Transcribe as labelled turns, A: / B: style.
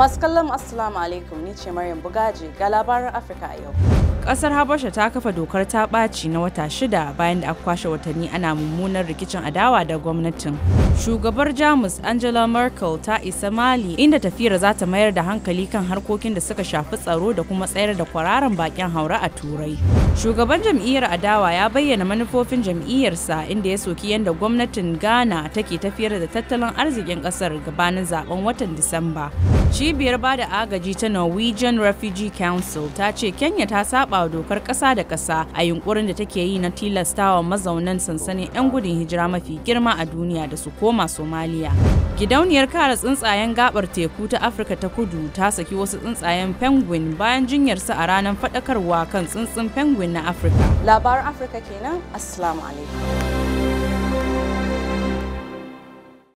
A: Masu kallon Assalamu alaikum ni ce Maryam Bugaji ga labaran Afirka a yau. ƙasar Habasha ta kafa dokar ta ɓaci na wata shida bayan da aka kwashe watanni ana mummunar rikicin adawa da gwamnatin. Shugabar Jamus Angela Merkel ta isa Mali inda tafiyar za ta mayar da hankali kan harkokin da suka shafi tsaro da kuma tsayar da kwararan bakin haura a Turai. Shugaban jam'iyyar adawa ya bayyana manufofin jam'iyyarsa inda ya soki yadda gwamnatin Ghana take tafiyar da tattalin arzikin kasar gabanin zaben watan Disamba. Cibiyar bada agaji ta Norwegian Refugee Council ta ce Kenya ta saba dokar kasa da kasa a yunkurin da take yi na tilastawa mazaunan sansanin 'yan gudun hijira mafi girma a duniya da su koma Somalia. Gidauniyar kare tsuntsayen gabar teku ta Afirka ta Kudu ta saki wasu tsuntsayen penguin bayan jinyar a ranar faɗakarwa kan tsuntsun penguin na Afirka. Labaran Afirka kenan, Assalamu alaikum.